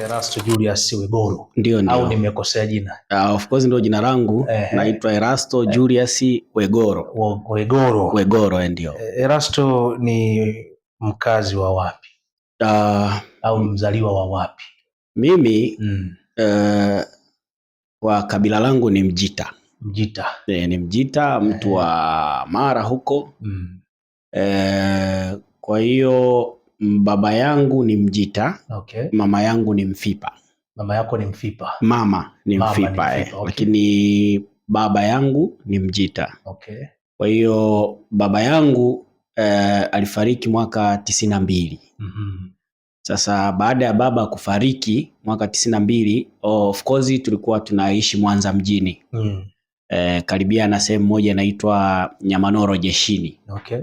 Erasto Julius Wegoro. Ndio, ndio. Au nimekosea jina? Uh, of course ndio jina langu eh, naitwa Erasto eh, Julius Wegoro. Wegoro. Wegoro eh, ndio. E, Erasto ni mkazi wa wapi? Uh, au mzaliwa wa wapi? Mimi mm. uh, wa kabila langu ni Mjita. Mjita. E, ni Mjita mtu wa Mara huko mm. e, kwa hiyo baba yangu ni Mjita. Okay. Mama yangu ni Mfipa. Mama yako ni Mfipa. Mama ni Mama Mfipa, ni Mfipa eh. Okay. Lakini baba yangu ni Mjita. Okay. Kwa hiyo baba yangu eh, alifariki mwaka tisini na mbili. mm -hmm. Sasa baada ya baba kufariki mwaka tisini na mbili, of course tulikuwa tunaishi Mwanza mjini. mm. Eh, karibia na sehemu moja inaitwa Nyamanoro Jeshini. Okay.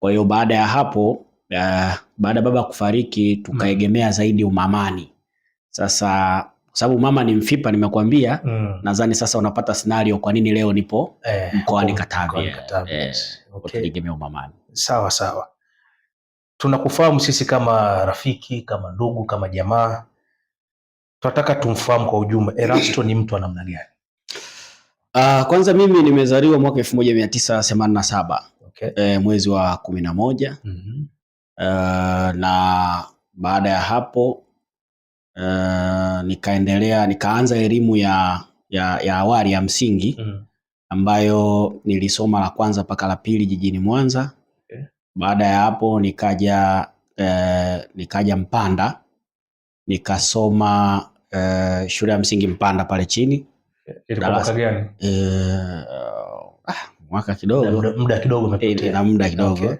Kwa hiyo baada ya hapo eh, baada ya baba kufariki tukaegemea mm. zaidi umamani. Sasa sababu mama ni mfipa nimekuambia, mm. Nadhani sasa unapata scenario kwa nini leo nipo eh, mkoani Katavi eh, eh, eh okay. umamani. Sawa sawa, tunakufahamu sisi kama rafiki, kama ndugu, kama jamaa, tunataka tumfahamu kwa ujumla, Erasto ni mtu wa namna gani? Uh, kwanza mimi nimezaliwa mwaka elfu moja mia tisa themanini na saba okay. eh, mwezi wa kumi na moja mm -hmm na eh, baada ya hapo uh, nikaendelea nikaanza elimu ya, ya, ya awali ya msingi mm. ambayo nilisoma la kwanza mpaka la pili jijini Mwanza okay. Baada ya hapo nikaja uh, nikaja Mpanda nikasoma uh, shule ya msingi Mpanda pale chini ah, mwaka kidogo muda kidogo na muda kidogo okay.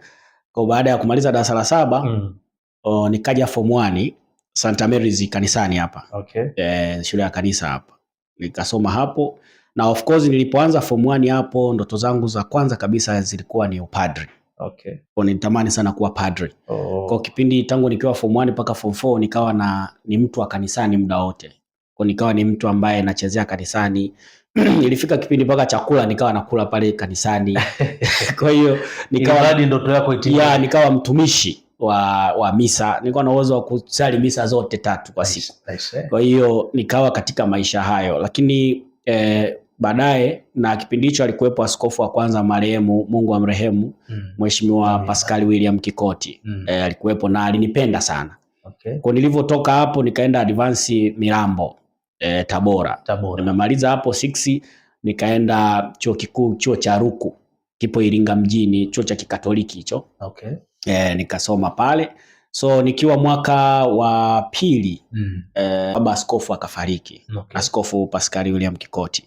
Kwa baada ya kumaliza darasa la saba mm. oh, nikaja form 1 Santa Mary's kanisani hapa okay. eh, shule ya kanisa hapa nikasoma hapo, na of course nilipoanza form 1 hapo ndoto zangu za kwanza kabisa zilikuwa ni upadri okay. Kwa nilitamani sana kuwa padri oh. Kwa kipindi tangu nikiwa form 1 mpaka form 4 nikawa na ni mtu wa kanisani muda wote, kwa nikawa ni mtu ambaye nachezea kanisani ilifika kipindi mpaka chakula nikawa nakula pale kanisani kwa hiyo nikawa ndoto yako itimie. Ya, nikawa mtumishi wa, wa misa nilikuwa na uwezo wa kusali misa zote tatu kwa siku nice, nice. Eh. Kwa hiyo nikawa katika maisha hayo, lakini eh, baadaye na kipindi hicho alikuwepo askofu wa kwanza marehemu, Mungu amrehemu, mm. mheshimiwa mm. Pascal William Kikoti mm. eh, alikuwepo na alinipenda sana okay. Kwa nilivyotoka hapo nikaenda advance Mirambo eh, Tabora. Tabora. Nimemaliza hapo 6 nikaenda chuo kikuu, chuo cha Ruku kipo Iringa mjini, chuo cha Kikatoliki hicho. Okay. Eh, nikasoma pale so nikiwa mwaka wa pili mm. eh, baba askofu akafariki. Okay. Askofu Paskari William Kikoti,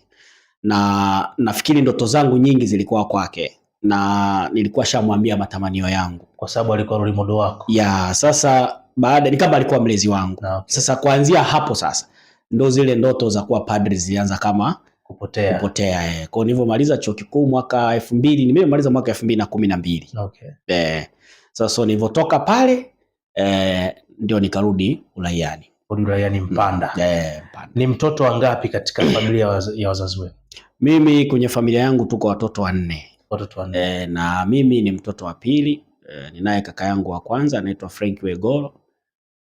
na nafikiri ndoto zangu nyingi zilikuwa kwake na nilikuwa shamwambia matamanio yangu, kwa sababu alikuwa rolimodo wako ya sasa. Baada ni kama alikuwa mlezi wangu. Ah, okay. Sasa kuanzia hapo sasa ndo zile ndoto za kuwa padri zilianza kama kupotea, kupotea eh. Kwa nilivyomaliza chuo kikuu mwaka elfu mbili nimemaliza mwaka elfu mbili na kumi na mbili okay. Eh, sasa so, nilivyotoka pale eh, ndio nikarudi uraiani. Uraiani Mpanda. Mm. Eh, Mpanda. Ni mtoto wangapi katika familia ya wazazi wenu? Mimi kwenye familia yangu tuko watoto wanne, watoto wanne. Eh, na mimi ni mtoto wa pili eh, ninaye kaka yangu wa kwanza anaitwa Frank Wegoro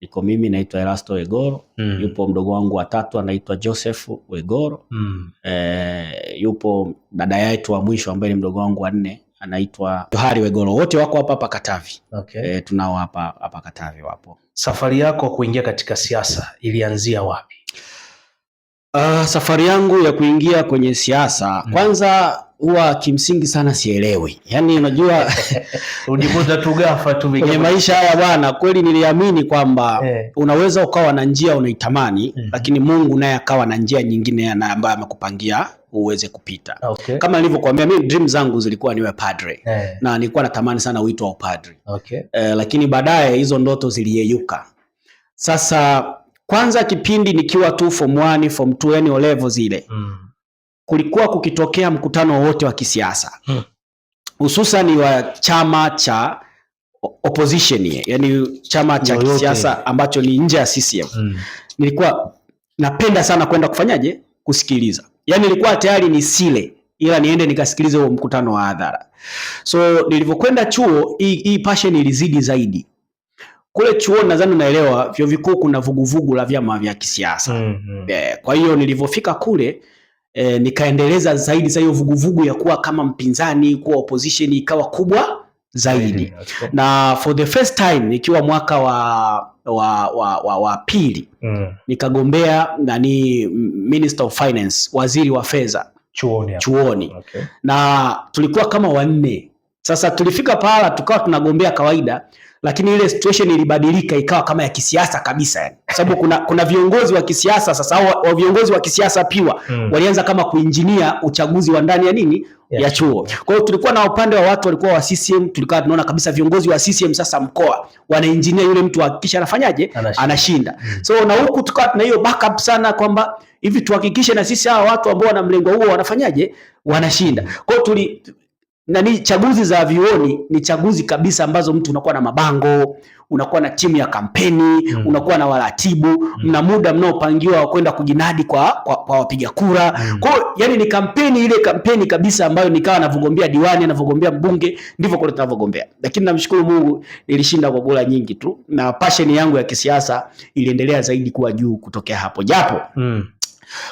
niko mimi naitwa Erasto Wegoro mm. Yupo mdogo wangu watatu anaitwa Joseph Wegoro mm. E, yupo dada yetu wa mwisho ambaye ni mdogo wangu wa nne anaitwa Johari Wegoro. Wote wako hapa hapa Katavi okay. E, tunao hapa hapa Katavi wapo. Safari yako kuingia katika siasa ilianzia wapi? Uh, safari yangu ya kuingia kwenye siasa mm. Kwanza huwa kimsingi sana sielewi, yaani unajua unajikuta tu ghafla tu kwenye maisha haya bwana. Kweli niliamini kwamba hey, eh. unaweza ukawa na njia unaitamani mm -hmm, lakini Mungu naye akawa na njia nyingine ambayo amekupangia uweze kupita. Okay. Kama nilivyokuambia mimi dream zangu zilikuwa niwe padre hey, eh. na nilikuwa natamani sana uitwa upadre. Okay. Eh, lakini baadaye hizo ndoto ziliyeyuka. Sasa kwanza kipindi nikiwa tu form 1 form 2 yani o level zile mm kulikuwa kukitokea mkutano wowote wa kisiasa hmm. hususan hmm. wa chama cha opposition ye, yani chama cha no, kisiasa okay. ambacho ni nje ya CCM hmm. nilikuwa napenda sana kwenda kufanyaje kusikiliza, yani nilikuwa tayari ni sile ila niende nikasikilize huo mkutano wa hadhara. So nilivyokwenda chuo, hii passion ilizidi zaidi kule chuo. Nadhani unaelewa, vyuo vikuu kuna vuguvugu la vyama vya kisiasa mm -hmm. hmm. Eh, kwa hiyo nilivyofika kule e, nikaendeleza zaidi sasa hiyo vuguvugu ya kuwa kama mpinzani, kuwa opposition ikawa kubwa zaidi na for the first time ikiwa mwaka wa wa, wa, wa, wa pili mm. nikagombea nani Minister of Finance, waziri wa fedha chuoni, chuoni. Okay. na tulikuwa kama wanne sasa, tulifika pahala tukawa tunagombea kawaida lakini ile situation ilibadilika ikawa kama ya kisiasa kabisa yani, kwa sababu kuna, kuna viongozi wa kisiasa sasa au wa viongozi wa kisiasa piwa mm. walianza kama kuinjinia uchaguzi wa ndani ya nini yeah. ya chuo. Kwa hiyo tulikuwa na upande wa watu walikuwa wa CCM, tulikuwa tunaona kabisa viongozi wa CCM sasa mkoa wanainjinia yule mtu hakikisha anafanyaje anashinda, anashinda. Mm. so na huku tukawa tuna hiyo backup sana kwamba hivi tuhakikishe na sisi hawa watu ambao wana mlengo huo wanafanyaje wanashinda. Kwa hiyo tuli nani, chaguzi za vioni ni chaguzi kabisa ambazo mtu unakuwa na mabango, unakuwa na timu ya kampeni mm. unakuwa na waratibu mm. na muda mnaopangiwa wa kwenda kujinadi kwa, kwa, kwa wapiga kura mm. kwa yani ni kampeni ile kampeni kabisa ambayo nikawa navyogombea diwani anavyogombea mbunge ndivyo kwa tunavyogombea, lakini namshukuru Mungu nilishinda kwa bora nyingi tu, na passion yangu ya kisiasa iliendelea zaidi kuwa juu kutokea hapo japo mm.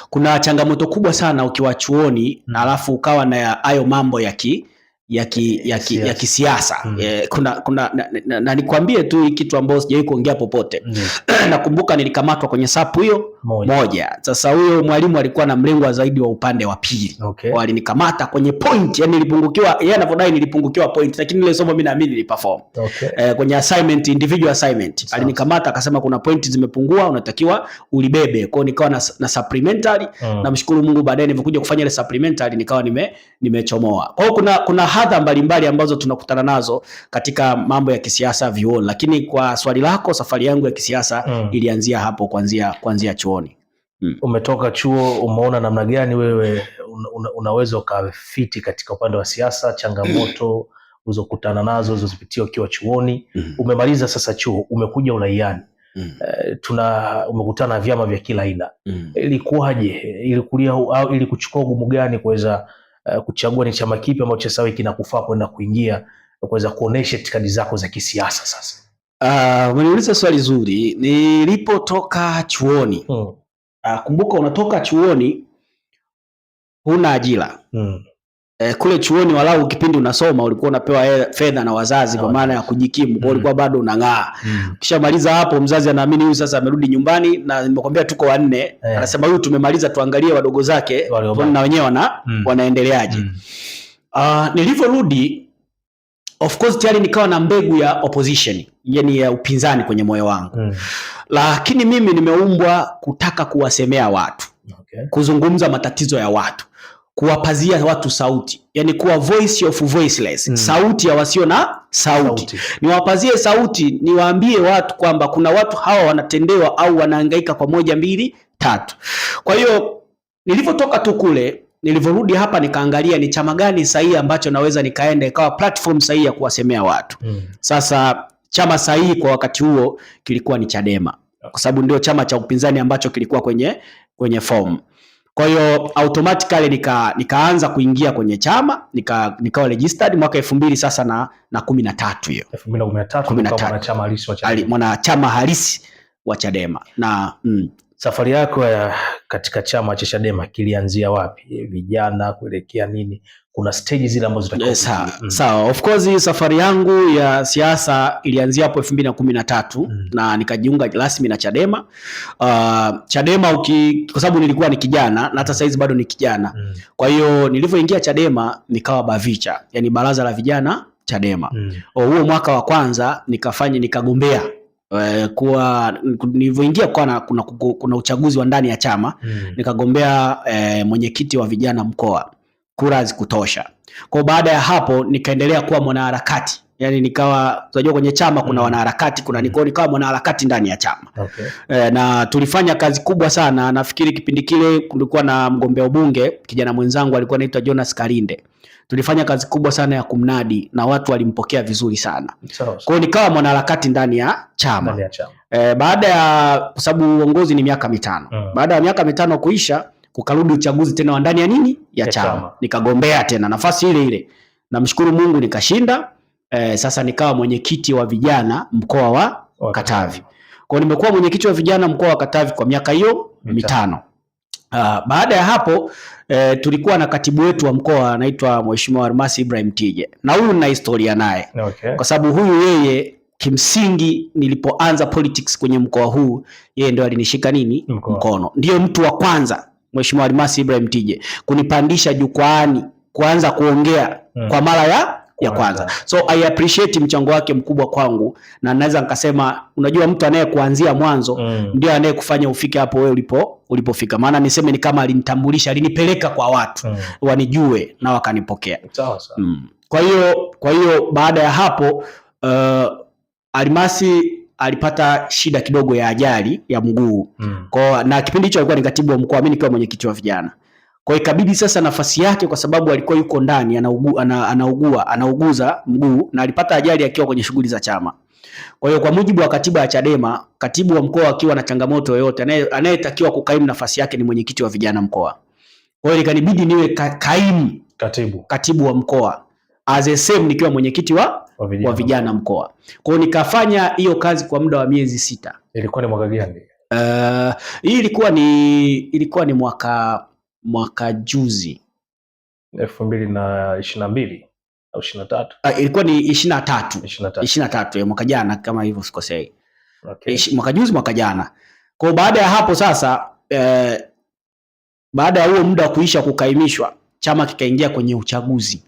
kuna changamoto kubwa sana ukiwa chuoni mm. na alafu ukawa na hayo mambo ya ki ya ki, ya ki, ya kisiasa mm. E, kuna kuna na, na, na nikwambie tu hii kitu ambayo sijawahi kuongea popote mm. Nakumbuka nilikamatwa kwenye sapu hiyo moja, moja. Sasa huyo mwalimu alikuwa na mlengwa zaidi wa upande wa pili okay. Walinikamata kwenye point yani nilipungukiwa, yeye anavyodai nilipungukiwa point, lakini ile somo mimi naamini niliperform okay. E, kwenye assignment, individual assignment alinikamata akasema kuna point zimepungua, unatakiwa ulibebe. kwao, nikawa na, na supplementary hmm. Namshukuru Mungu baadaye nilipokuja kufanya ile supplementary nikawa nime nimechomoa. kwao, kuna kuna hadha mbalimbali ambazo tunakutana nazo katika mambo ya kisiasa vyuoni. Lakini kwa swali lako, safari yangu ya kisiasa mm. ilianzia hapo, kuanzia kuanzia chuoni mm. Umetoka chuo, umeona namna gani wewe una, unaweza ukafiti katika upande wa siasa, changamoto mm. ulizokutana nazo ulizozipitia ukiwa chuoni mm. Umemaliza sasa chuo, umekuja uraiani Mm. Eh, tuna umekutana na vyama vya kila aina mm. Ilikuwaje? Ilikulia au ilikuchukua ugumu gani kuweza uh, kuchagua ni chama kipi ambacho sawa kinakufaa kwenda kuingia kuweza kuonesha itikadi zako za kisiasa sasa. Uh, umeniuliza swali zuri. Nilipotoka chuoni hmm. Uh, kumbuka unatoka chuoni huna ajira hmm eh, kule chuoni walau kipindi unasoma ulikuwa unapewa fedha na wazazi kwa ah, maana ya kujikimu, kwa mm. ulikuwa bado unang'aa. mm. Ukishamaliza hapo, mzazi anaamini huyu sasa amerudi nyumbani, na nimekwambia tuko wanne, yeah. anasema huyu tumemaliza, tuangalie wadogo zake na wenyewe wana mm. wanaendeleaje. mm. Uh, nilivyorudi of course tayari nikawa na mbegu ya opposition, yani ya upinzani kwenye moyo wangu mm. Lakini mimi nimeumbwa kutaka kuwasemea watu okay. Kuzungumza matatizo ya watu kuwapazia watu sauti, yani kuwa voice of voiceless mm. sauti ya wasio na sauti, sauti. Niwapazie sauti, niwaambie watu kwamba kuna watu hawa wanatendewa au wanahangaika kwa moja mbili tatu. Kwa hiyo nilivyotoka tu kule nilivyorudi hapa nikaangalia ni chama gani sahihi ambacho naweza nikaenda ikawa platform sahihi ya kuwasemea watu mm. Sasa chama sahihi kwa wakati huo kilikuwa ni Chadema, kwa sababu ndio chama cha upinzani ambacho kilikuwa kwenye kwenye form kwa hiyo automatically nika, nikaanza kuingia kwenye chama nika, nikawa registered mwaka elfu mbili sasa na, na kumi na tatu hiyo mwanachama halisi wa Chadema na mm. Safari yako ya katika chama cha Chadema kilianzia wapi? Vijana kuelekea nini? kuna stage zile ambazo zitakuwa yes, eh, sawa mm. sawa. Of course safari yangu ya siasa ilianzia hapo 2013 na mm. na nikajiunga rasmi na Chadema. Uh, Chadema uki, kwa sababu nilikuwa ni kijana na hata saizi bado ni kijana mm. kwa hiyo nilivyoingia Chadema nikawa Bavicha, yani baraza la vijana Chadema mm. Oh, huo mm. mwaka wa kwanza nikafanya nikagombea eh, kuwa nilivyoingia kuna, kuna uchaguzi wa ndani ya chama mm. nikagombea eh, mwenyekiti wa vijana mkoa kura hazikutosha. Kwa baada ya hapo nikaendelea kuwa mwanaharakati Yaani nikawa tunajua kwenye chama kuna mm. wanaharakati kuna niko nikawa mwanaharakati ndani ya chama okay. E, na tulifanya kazi kubwa sana. Nafikiri kipindi kile kulikuwa na mgombea ubunge kijana mwenzangu alikuwa anaitwa Jonas Kalinde. Tulifanya kazi kubwa sana ya kumnadi na watu walimpokea vizuri sana Kwa hiyo nikawa mwanaharakati ndani ya chama, ndani ya chama. E, baada ya kwa sababu uongozi ni miaka mitano mm. Baada ya miaka mitano kuisha kukarudi uchaguzi tena wa ndani ya nini ya chama, nikagombea tena nafasi ile ile. Namshukuru Mungu nikashinda. Eh, sasa nikawa mwenyekiti wa vijana mkoa wa okay. Katavi. Kwa hiyo nimekuwa mwenyekiti wa vijana mkoa wa Katavi kwa miaka hiyo mitano. Uh, baada ya hapo eh, tulikuwa na katibu wetu wa mkoa anaitwa Mheshimiwa Almasi Ibrahim Tije, na huyu na historia naye okay. Kwa sababu huyu yeye kimsingi nilipoanza politics kwenye mkoa huu yeye ndio alinishika nini mkoa, mkono, Ndio mtu wa kwanza Mheshimiwa Almasi Ibrahim Tije kunipandisha jukwaani kuanza kuongea hmm. kwa mara ya ya kwanza. So I appreciate mchango wake mkubwa kwangu na naweza nikasema, unajua mtu anayekuanzia mwanzo mm. ndio anayekufanya ufike hapo wewe ulipo ulipofika. Maana niseme ni kama alinitambulisha, alinipeleka kwa watu mm. wanijue na wakanipokea. Sawa sawa. Mm. Kwa hiyo kwa hiyo baada ya hapo uh, Almasi alipata shida kidogo ya ajali ya mguu mm. Kwa, na kipindi hicho alikuwa ni katibu wa mkoa, mimi nikiwa mwenyekiti wa vijana. Kwa ikabidi sasa nafasi yake, kwa sababu alikuwa yuko ndani anaugua, ana, anaugua anauguza mguu na alipata ajali akiwa kwenye shughuli za chama. Kwa hiyo kwa mujibu wa katiba ya Chadema, katibu wa mkoa akiwa na changamoto yoyote, anayetakiwa kukaimu nafasi yake ni mwenyekiti wa vijana mkoa. Kwa hiyo ikanibidi niwe ka, kaimu katibu, katibu wa mkoa as a same nikiwa mwenyekiti wa wa vijana mkoa. Kwa nikafanya hiyo kazi kwa muda wa miezi sita. Ilikuwa ni mwaka gani? Uh, hii ilikuwa ni ilikuwa ni mwaka mwaka juzi elfu mbili na ishirini na mbili au ishirini na tatu. Uh, ilikuwa ni ishirini na tatu ishirini na tatu eh, mwaka jana kama hivyo sikosei. Okay. Mwaka juzi mwaka jana. Kwa baada ya hapo sasa eh, baada ya huo muda wa kuisha kukaimishwa, chama kikaingia kwenye uchaguzi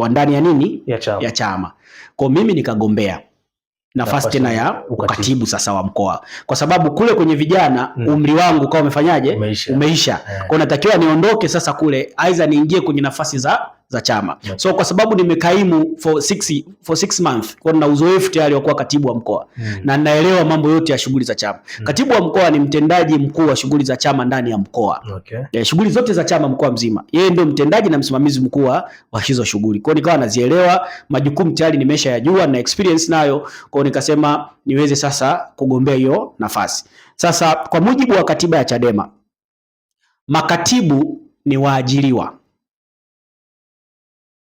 wa ndani ya nini ya chama, ya chama. Kwa mimi nikagombea nafasi tena ya ukatibu sasa wa mkoa, kwa sababu kule kwenye vijana mm. umri wangu ukawa umefanyaje, umeisha, umeisha. Yeah. Kwa natakiwa niondoke sasa kule, aidha niingie kwenye nafasi za za chama So kwa sababu nimekaimu for six, for six months kwa na uzoefu tayari wa kuwa katibu wa mkoa mm. na naelewa mambo yote ya shughuli za chama mm. Katibu wa mkoa ni mtendaji mkuu wa shughuli za chama ndani ya mkoa okay. E, shughuli zote za chama mkoa mzima yeye ndio mtendaji na msimamizi mkuu wa hizo shughuli, kwa nikawa nazielewa majukumu tayari nimesha yajua na experience nayo, kwa nikasema niweze sasa kugombea hiyo nafasi. Sasa kwa mujibu wa katiba ya Chadema makatibu ni waajiriwa mm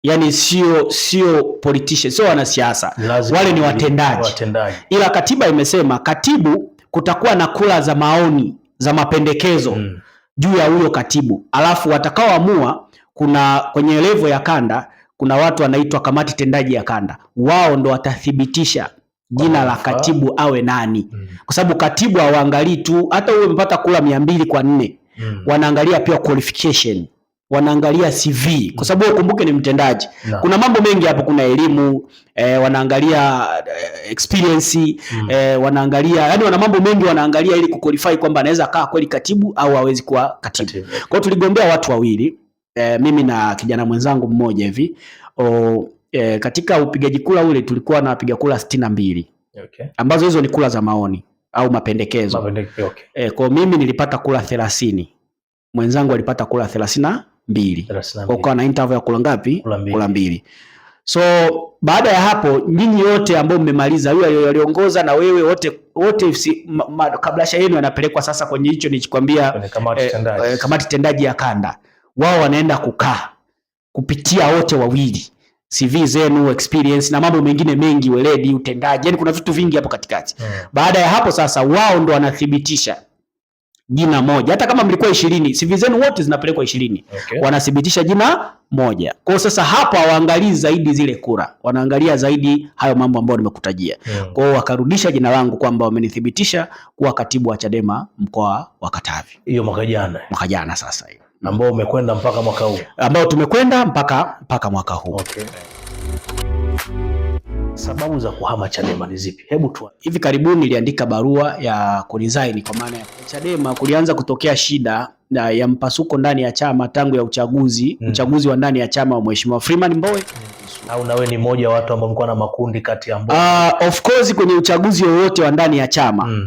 yani sio sio politician, sio wanasiasa, wale ni watendaji. Watendaji, ila katiba imesema katibu kutakuwa na kula za maoni za mapendekezo mm. juu ya huyo katibu, alafu watakaoamua, kuna kwenye levo ya kanda kuna watu wanaitwa kamati tendaji ya kanda, wao ndo watathibitisha jina la katibu awe nani mm. kwa sababu katibu hawaangalii tu hata uwe umepata kula mia mbili kwa nne mm. wanaangalia pia qualification wanaangalia CV kwa sababu ukumbuke ni mtendaji no. Kuna mambo mengi hapo, kuna elimu eh, wanaangalia eh, experience mm. eh, wanaangalia yani, wana mambo mengi wanaangalia ili kuqualify kwamba anaweza kaa kweli katibu au hawezi kuwa katibu. Kwa hiyo tuligombea watu wawili eh, mimi na kijana mwenzangu mmoja hivi o, eh, katika upigaji kula ule tulikuwa na wapiga kula 62 okay. ambazo hizo ni kula za maoni au mapendekezo, mapendekezo okay. eh, kwa mimi nilipata kula 30 mwenzangu alipata kula thelathini mbili kwa na interval ya kula ngapi? Kula mbili. So baada ya hapo nyinyi wote ambao mmemaliza, yule aliongoza na wewe wote wote kabrasha yenu yanapelekwa sasa kwenye hicho nichikwambia, kamati eh, tendaji eh, kamati tendaji ya kanda. Wao wanaenda kukaa kupitia wote wawili CV zenu, experience na mambo mengine mengi, weledi, utendaji, yani kuna vitu vingi hapo katikati. Hmm. Baada ya hapo sasa wao ndo wanathibitisha jina moja, hata kama mlikuwa ishirini, CV zenu wote zinapelekwa ishirini. Okay. Wanathibitisha jina moja. Kwa sasa hapa hawaangalii zaidi zile kura, wanaangalia zaidi hayo mambo ambayo nimekutajia. Hmm. Kwa hiyo wakarudisha jina langu kwamba wamenithibitisha kuwa katibu wa Chadema mkoa wa Katavi. Hiyo mwaka jana. Mwaka jana sasa hiyo. Ambao umekwenda mpaka mwaka huu. Ambao tumekwenda mpaka mpaka mwaka huu. Okay. Sababu za kuhama Chadema ni zipi? Hebu tu. Hivi karibuni niliandika barua ya kuresign kwa maana ya Chadema kulianza kutokea shida na ya mpasuko ndani ya chama tangu ya uchaguzi mm. uchaguzi wa ndani ya chama wa Mheshimiwa Freeman Mbowe mm. au nawe ni mmoja wa watu ambao mlikuwa na makundi kati ya Mbowe. Uh, of course kwenye uchaguzi wowote wa ndani ya chama mm.